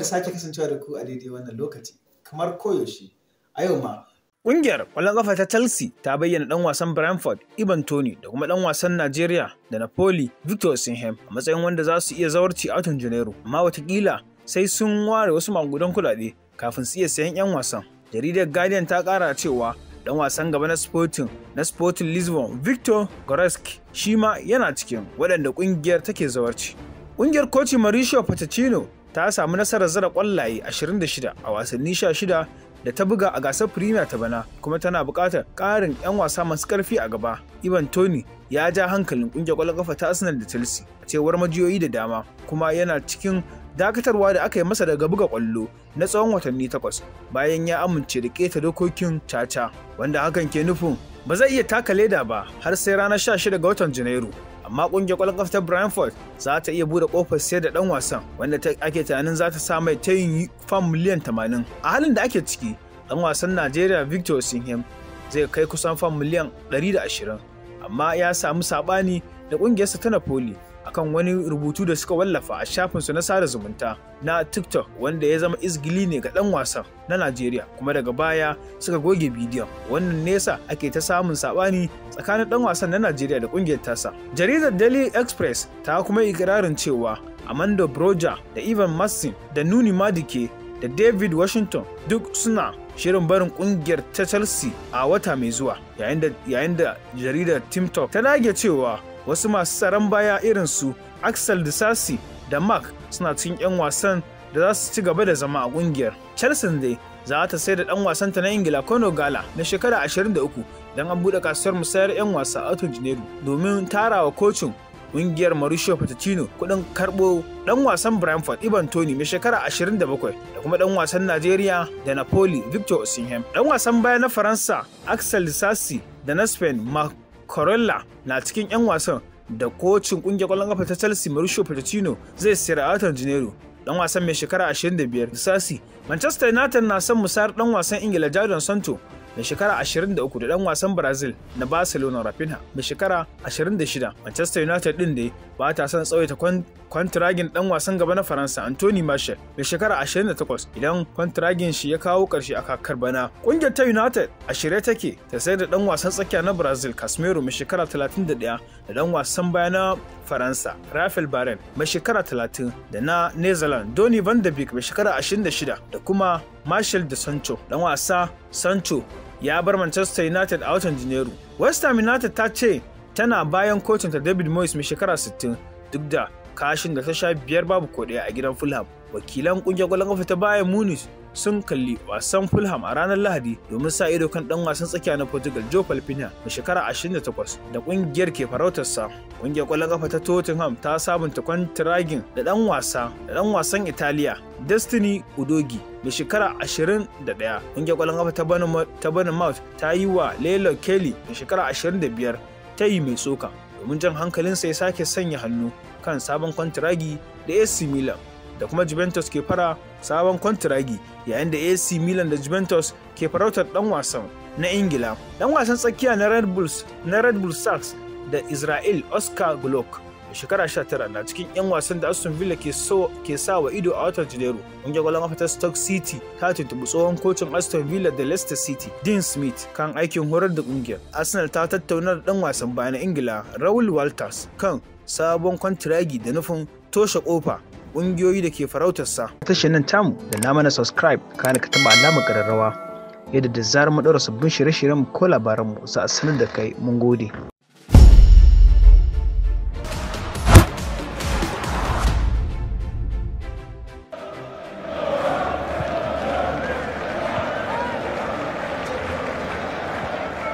da sake kasancewa da ku a daidai wannan lokaci, kamar koyaushe, a yau ma. Ƙungiyar ƙwallon ƙafa ta Chelsea ta bayyana ɗan wasan Brentford, Ivan Tony da kuma ɗan wasan Najeriya da Napoli, Victor Sinhem a matsayin wanda za su iya zawarci a watan Janairu, amma watakila sai sun ware wasu magudan kuɗaɗe kafin su iya sayan 'yan wasan. Jaridar Guardian ta ƙara cewa ɗan wasan gaba na Sporting na Sporting Lisbon Victor Goreski shi ma yana cikin waɗanda ƙungiyar take zawarci. Ƙungiyar Kocin Mauricio Pochettino ta samu nasarar zara kwallaye 26 a wasanni 16 da ta buga a gasar Premier ta bana kuma tana buƙatar ƙarin 'yan wasa masu ƙarfi a gaba. Ivan Tony ya ja hankalin ƙungiyar ƙwallon ƙafa ta Arsenal da Chelsea a cewar majiyoyi da dama kuma yana cikin dakatarwa da aka yi masa daga buga ƙwallo na tsawon watanni takwas bayan ya amince da keta dokokin caca wanda hakan ke nufin ba zai iya taka leda ba har sai ranar 16 ga watan Janairu amma kungiyar kwallon kafa ta Brentford za ta iya bude kofar sayar da dan wasan wanda ake tunanin za ta sa mai yin fam miliyan 80 a halin da ake ciki dan wasan nigeria Victor Osimhen zai kai kusan fam miliyan 120 amma ya samu sabani da kungiyarsa ta Napoli akan wani rubutu da suka wallafa a shafinsu na sada zumunta na TikTok wanda ya zama izgili ne ga ɗan wasan na Najeriya kuma daga baya suka goge bidiyon wannan nesa ake ta samun saɓani tsakanin ɗan wasan na Najeriya da ƙungiyar tasa. Jaridar Daily Express ta kuma ikirarin cewa Amanda Broja da Ivan Mastin da Nuni Madike da David Washington duk suna shirin barin kungiyar ta Chelsea a wata mai zuwa yayin da jaridar Tim Talk ta dage cewa wasu masu tsaron baya irin su Axel Disasi da Mark suna cikin 'yan wasan da za su ci gaba da zama a ƙungiyar. Chelsea dai za ta sai da ɗan wasan ta na Ingila Kono Gala na shekara 23 don an buɗe kasuwar musayar 'yan wasa a Janeiro domin tarawa kocin ƙungiyar Mauricio Pochettino kuɗin karɓo ɗan wasan Brentford Ivan Toni mai shekara 27 da kuma ɗan wasan Najeriya da Napoli Victor Osimhen. Ɗan wasan baya na Faransa Axel Disasi da na Spain Mark Corella na cikin 'yan wasan da kocin kungiyar kwallon kafa ta Chelsea Mauricio Pochettino zai sayar a watan Janairu. Dan wasan mai shekara 25 Sassi, Manchester United na son musayar dan wasan Ingila Jadon Sancho mai shekara 23 da ɗan wasan Brazil na Barcelona Rafinha mai shekara 26. Manchester United din dai ba ta son tsawaita kwantiragin ɗan wasan gaba na Faransa Anthony Martial mai shekara 28 idan kwantiragin shi ya kawo karshe a kakar bana. Ƙungiyar ta United a shirye take ta sayar da ɗan wasan tsakiya na Brazil Casemiro mai shekara 31 da dan wasan baya na Faransa, Rafael Baren mai shekara 30 da na Netherlands Donny van de Beek mai shekara 26 da kuma Marshall de Sancho dan wasa Sancho ya bar Manchester United a watan Janairu. West Ham United ta ce tana bayan kocinta David Moyes mai shekara 60 duk da kashin da ta sha biyar babu ko a gidan Fulham. Wakilan kungiyar gwalon kafa ta Bayern Munich sun kalli wasan Fulham a ranar Lahadi domin sa ido kan dan wasan tsakiya na Portugal Joe Palpina shekara 28 da kungiyar ke farautarsa. Kungiyar kwallon kafa ta Tottenham ta sabunta kwantiragin da dan wasa da dan wasan Italiya Destiny Udogi mai shekara 21 kungiyar kwallon kafa ta Bournemouth ta yi wa Lelo Kelly mai shekara 25 ta yi mai tsoka, domin jan hankalinsa ya sake sanya hannu kan sabon kwantiragi da AC Milan. da kuma Juventus ke fara sabon kwantiragi yayin da AC Milan da Juventus ke farautar dan wasan na Ingila. Dan wasan tsakiya na Red Bulls na Red Bull Stars da Israel Oscar Glock da shekara 19 na cikin 'yan wasan da Aston Villa ke so ke sa wa ido a watan Janairu. Ƙungiyar gwalon kafa ta Stoke City ta tuntuɓi tsohon kocin Aston Villa da Leicester City, Dean Smith, kan aikin horar da ƙungiyar. Arsenal ta tattauna da ɗan wasan bayan Ingila, Raul Walters, kan sabon kwantiragi da nufin toshe kofa. ƙungiyoyi da ke farautarsa. Tashin nan tamu da na mana subscribe kana ka taɓa alamar ƙararrawa yadda da zarar mu ɗaura sabbin shirye-shiryen ko labaranmu za a sanar da kai mun gode.